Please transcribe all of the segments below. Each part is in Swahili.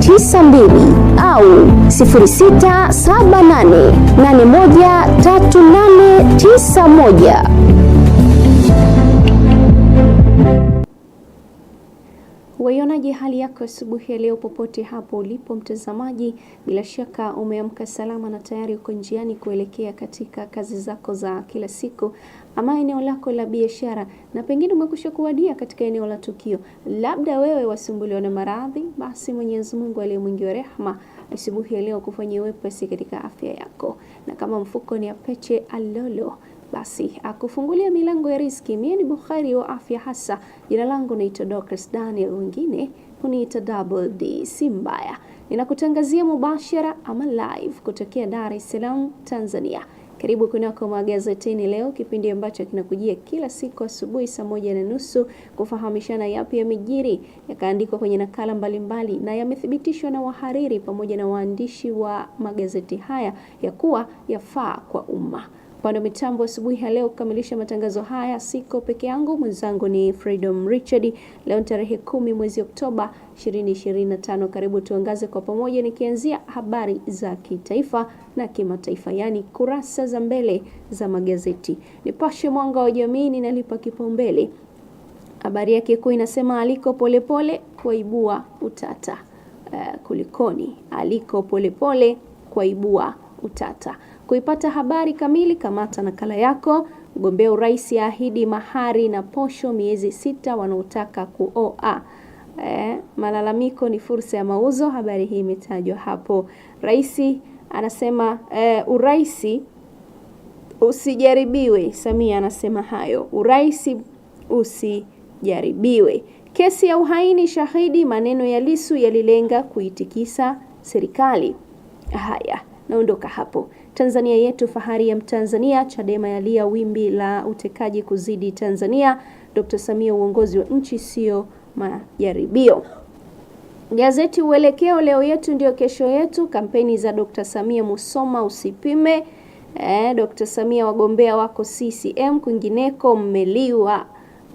92 au 0678813891. Unaionaje hali yako asubuhi ya leo popote hapo ulipo mtazamaji? Bila shaka umeamka salama na tayari uko njiani kuelekea katika kazi zako za kila siku ama eneo lako la biashara, na pengine umekwisha kuwadia katika eneo la tukio. Labda wewe wasumbuliwa na maradhi, basi Mwenyezi Mungu aliye mwingi wa rehema asubuhi ya leo kufanyia wepesi katika afya yako, na kama mfuko ni apeche alolo basi akufungulia milango ya riziki. Mie ni Bukhari wa afya hasa. Jina langu naitwa Dorcas Daniel, wengine kuniita Double D. Si mbaya, ninakutangazia mubashara ama live kutokea Dar es Salaam, Tanzania. Karibu kunako magazetini leo, kipindi ambacho kinakujia kila siku asubuhi saa moja na nusu kufahamishana yapi yamejiri, yakaandikwa kwenye nakala mbalimbali mbali, na yamethibitishwa na wahariri pamoja na waandishi wa magazeti haya ya kuwa yafaa kwa umma. Upande wa mitambo asubuhi ya leo kukamilisha matangazo haya siko peke yangu, mwenzangu ni Freedom Richard. Leo ni tarehe kumi mwezi Oktoba 2025. Karibu tuangaze kwa pamoja, nikianzia habari za kitaifa na kimataifa, yaani kurasa za mbele za magazeti. Nipashe Mwanga wa Jamii ninalipa kipaumbele, habari yake kuu inasema aliko polepole kuibua utata. Uh, kulikoni aliko polepole kuibua utata Kuipata habari kamili, kamata nakala yako. Mgombea urais ahidi mahari na posho miezi sita wanaotaka kuoa. Eh, malalamiko ni fursa ya mauzo. Habari hii imetajwa hapo. Rais anasema eh, urais usijaribiwe. Samia anasema hayo, urais usijaribiwe. Kesi ya uhaini shahidi, maneno ya lisu yalilenga kuitikisa serikali. Haya naondoka hapo. Tanzania yetu, fahari ya Mtanzania. Chadema yalia wimbi la utekaji kuzidi Tanzania. Dr. Samia, uongozi wa nchi sio majaribio. Gazeti Uelekeo, leo yetu ndio kesho yetu. Kampeni za Dr. Samia, Musoma usipime. Eh, Dr. Samia, wagombea wako CCM, kwingineko mmeliwa.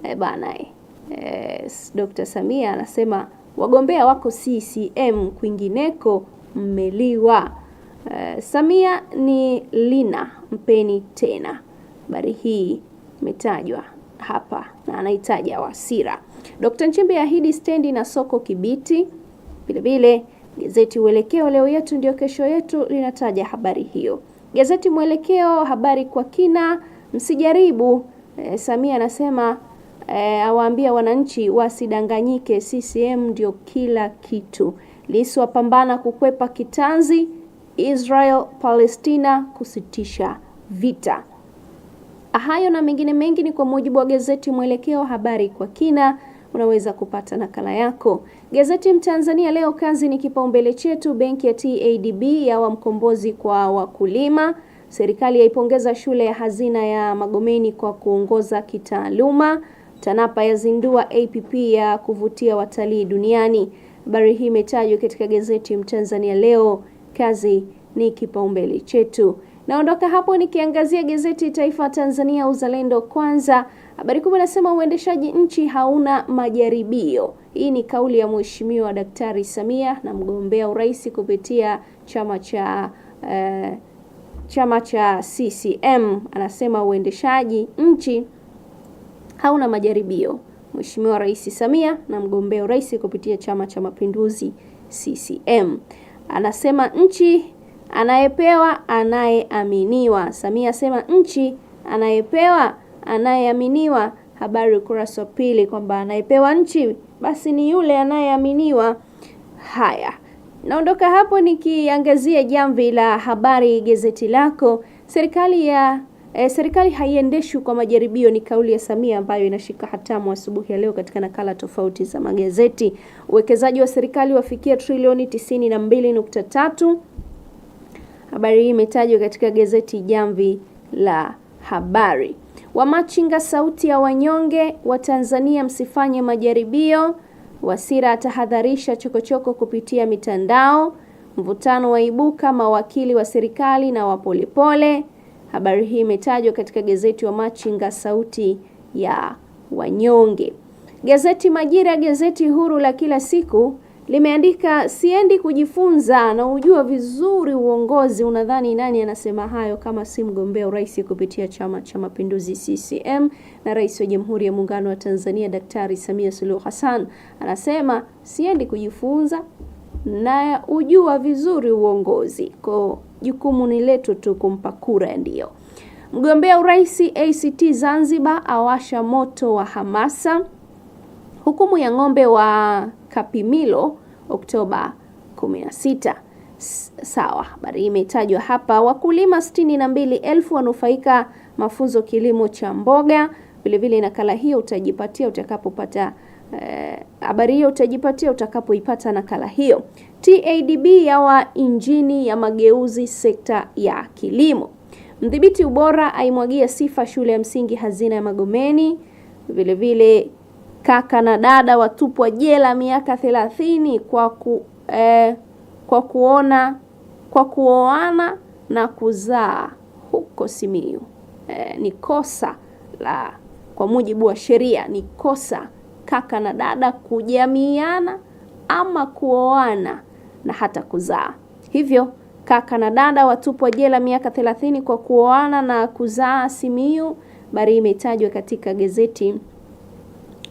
Eh, bana eh, eh Dr. Samia anasema wagombea wako CCM, kwingineko mmeliwa. Eh, Samia ni Lina, mpeni tena. Habari hii imetajwa hapa na anaitaja Wasira. Dr. Nchimbi ahidi stendi na soko Kibiti. Vilevile gazeti Uelekeo, leo yetu ndio kesho yetu, linataja habari hiyo. Gazeti Mwelekeo, habari kwa kina, msijaribu. e, Samia anasema e, awaambia wananchi wasidanganyike, CCM ndio kila kitu. Lissu apambana kukwepa kitanzi Israel Palestina kusitisha vita. Hayo na mengine mengi ni kwa mujibu wa gazeti Mwelekeo. Habari kwa kina unaweza kupata nakala yako. Gazeti Mtanzania leo, kazi ni kipaumbele chetu. Benki ya TADB yawa mkombozi kwa wakulima. Serikali yaipongeza shule ya hazina ya Magomeni kwa kuongoza kitaaluma. TANAPA yazindua app ya kuvutia watalii duniani. Habari hii imetajwa katika gazeti Mtanzania leo Kazi ni kipaumbele chetu. Naondoka hapo nikiangazia gazeti Taifa Tanzania Uzalendo Kwanza. Habari kubwa inasema uendeshaji nchi hauna majaribio. Hii ni kauli ya Mheshimiwa Daktari Samia na mgombea urais kupitia chama cha eh, chama cha CCM. Anasema uendeshaji nchi hauna majaribio. Mheshimiwa Rais Samia na mgombea urais kupitia chama cha Mapinduzi CCM anasema nchi anayepewa anayeaminiwa. Samia asema nchi anayepewa anayeaminiwa. Habari ukurasa wa pili, kwamba anayepewa nchi basi ni yule anayeaminiwa. Haya, naondoka hapo nikiangazia jamvi la habari gazeti lako serikali ya E, serikali haiendeshwi kwa majaribio ni kauli ya Samia ambayo inashika hatamu asubuhi ya leo katika nakala tofauti za magazeti. Uwekezaji wa serikali wafikia trilioni tisini na mbili nukta tatu. Habari hii imetajwa katika gazeti Jamvi la Habari. Wamachinga sauti ya wanyonge wa Tanzania, msifanye majaribio. Wasira atahadharisha chokochoko kupitia mitandao. Mvutano waibuka mawakili wa serikali na wapolepole Habari hii imetajwa katika gazeti wa Machinga, sauti ya wanyonge. Gazeti Majira, gazeti huru la kila siku, limeandika siendi kujifunza na ujua vizuri uongozi. Unadhani nani anasema hayo kama si mgombea urais kupitia Chama cha Mapinduzi CCM na Rais wa Jamhuri ya Muungano wa Tanzania Daktari Samia Suluhu Hassan? Anasema siendi kujifunza na ujua vizuri uongozi kwa jukumu ni letu tu kumpa kura ya ndio. Mgombea urais ACT Zanzibar awasha moto wa hamasa. Hukumu ya ng'ombe wa Kapimilo Oktoba 16. Sawa, habari imetajwa hapa. Wakulima sitini na mbili elfu wanufaika mafunzo kilimo cha mboga. Vilevile nakala hiyo utajipatia utakapopata Eh, habari e, hiyo utajipatia utakapoipata nakala hiyo. TADB yawa injini ya mageuzi sekta ya kilimo. Mdhibiti ubora aimwagia sifa shule ya msingi Hazina ya Magomeni. Vilevile kaka na dada watupwa jela miaka 30 kwa, ku, eh, kwa kuona kwa kuoana na kuzaa huko Simiyu. Eh, ni kosa la kwa mujibu wa sheria ni kosa kaka na dada kujamiana ama kuoana na hata kuzaa. Hivyo kaka na dada watupwa jela miaka 30 kwa kuoana na kuzaa Simiyu. Habari imetajwa katika gazeti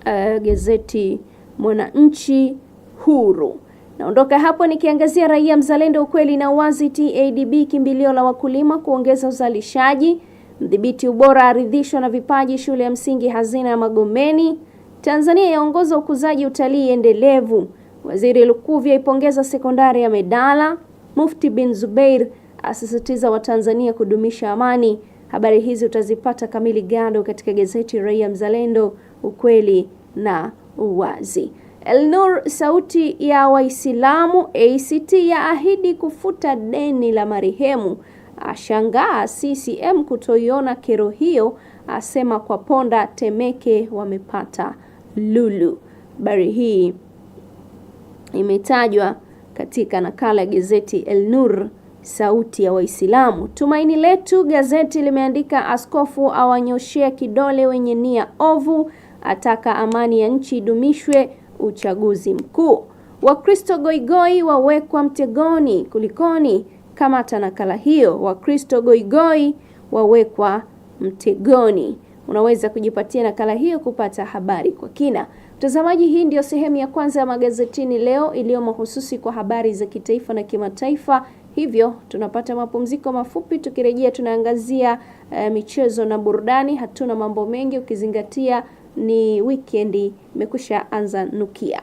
uh, gazeti Mwananchi Huru. Naondoka hapo nikiangazia Raia Mzalendo, ukweli na uwazi. TADB kimbilio la wakulima kuongeza uzalishaji. Mdhibiti ubora aridhishwa na vipaji shule ya msingi Hazina ya Magomeni. Tanzania yaongoza ukuzaji utalii endelevu. Waziri Lukuvi aipongeza sekondari ya Medala. Mufti bin Zubeir asisitiza Watanzania kudumisha amani. Habari hizi utazipata kamili gado katika gazeti Raia Mzalendo, ukweli na uwazi. Elnur sauti ya Waislamu. ACT yaahidi kufuta deni la marehemu, ashangaa CCM kutoiona kero hiyo, asema kwa Ponda Temeke wamepata Lulu. Habari hii imetajwa katika nakala ya gazeti El Nur sauti ya Waislamu. Tumaini Letu gazeti limeandika askofu awanyoshea kidole wenye nia ovu, ataka amani ya nchi idumishwe uchaguzi mkuu. Wakristo goigoi wawekwa mtegoni, kulikoni? Kamata nakala hiyo. Wakristo goigoi wawekwa mtegoni unaweza kujipatia nakala hiyo kupata habari kwa kina. Mtazamaji, hii ndio sehemu ya kwanza ya magazetini leo iliyo mahususi kwa habari za kitaifa na kimataifa. Hivyo tunapata mapumziko mafupi, tukirejea tunaangazia e, michezo na burudani. Hatuna mambo mengi ukizingatia ni wikendi imekwisha anza nukia.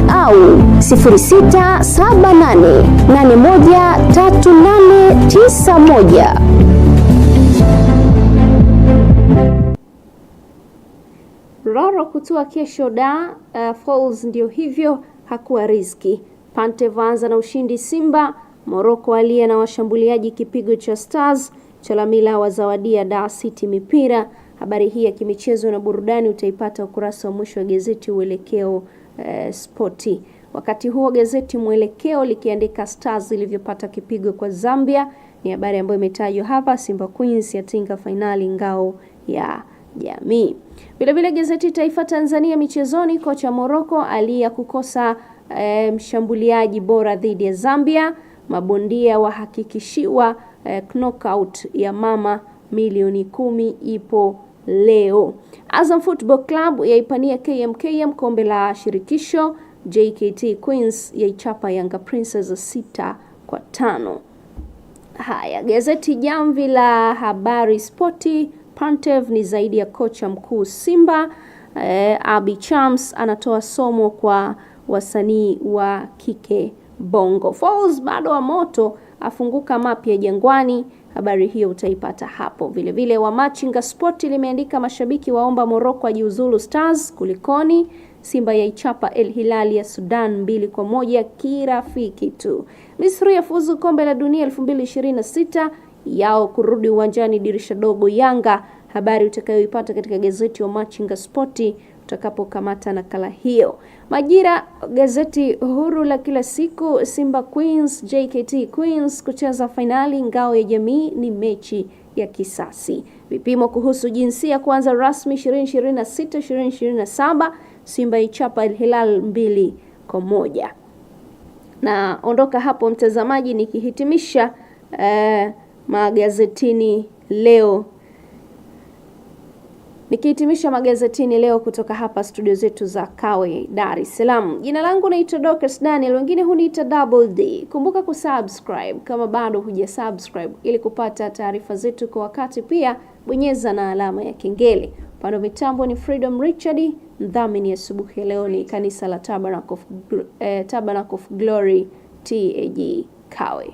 au 0678813891. Roro kutua kesho da uh, Falls ndio hivyo, hakuwa riski pante vaanza na ushindi Simba. Moroko alia na washambuliaji kipigo cha Stars. Chalamila wazawadia da City mipira. Habari hii ya kimichezo na burudani utaipata ukurasa wa mwisho wa gazeti Uelekeo eh, spoti. Wakati huo gazeti Mwelekeo likiandika Stars ilivyopata kipigo kwa Zambia, ni habari ambayo imetajwa hapa. Simba Queens yatinga fainali ngao ya jamii. Vilevile gazeti Taifa Tanzania michezoni, kocha Moroko aliya kukosa eh, mshambuliaji bora dhidi ya Zambia. Mabondia wahakikishiwa eh, knockout ya mama milioni kumi ipo leo. Azam Football Club yaipania KMKM kombe la shirikisho. JKT Queens yaichapa Yanga Princess sita kwa tano. Haya, gazeti Jamvi la Habari Spoti, Pantev ni zaidi ya kocha mkuu Simba. Eh, Abi Chams anatoa somo kwa wasanii wa kike Bongo. Falls bado wa moto afunguka mapya Jangwani habari hiyo utaipata hapo. Vile vile Wamachinga Sport limeandika mashabiki waomba Morocco ajiuzulu Stars, kulikoni? Simba yaichapa El Hilal ya Sudan mbili kwa moja kirafiki tu. Misri yafuzu kombe la dunia 2026 yao kurudi uwanjani dirisha dogo Yanga, habari utakayoipata katika gazeti wa machinga Sport utakapokamata nakala hiyo. Majira, gazeti huru la kila siku. Simba Queens JKT Queens kucheza fainali ngao ya jamii ni mechi ya kisasi. Vipimo kuhusu jinsia kuanza rasmi 2026 2027. Simba ichapa Al Hilal mbili kwa moja. Na ondoka hapo mtazamaji, nikihitimisha eh, magazetini leo. Nikihitimisha magazetini leo kutoka hapa studio zetu za Kawe, Dar es Salaam. Jina langu naitwa Dorcas Daniel, wengine huniita Double D. Kumbuka kusubscribe kama bado hujasubscribe ili kupata taarifa zetu kwa wakati, pia bonyeza na alama ya kengele. Upande wa mitambo ni Freedom Richard, mdhamini asubuhi ya leo ni kanisa la Tabernacle of, eh, Tabernacle of Glory TAG Kawe.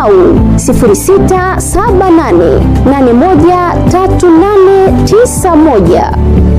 au 0678813891.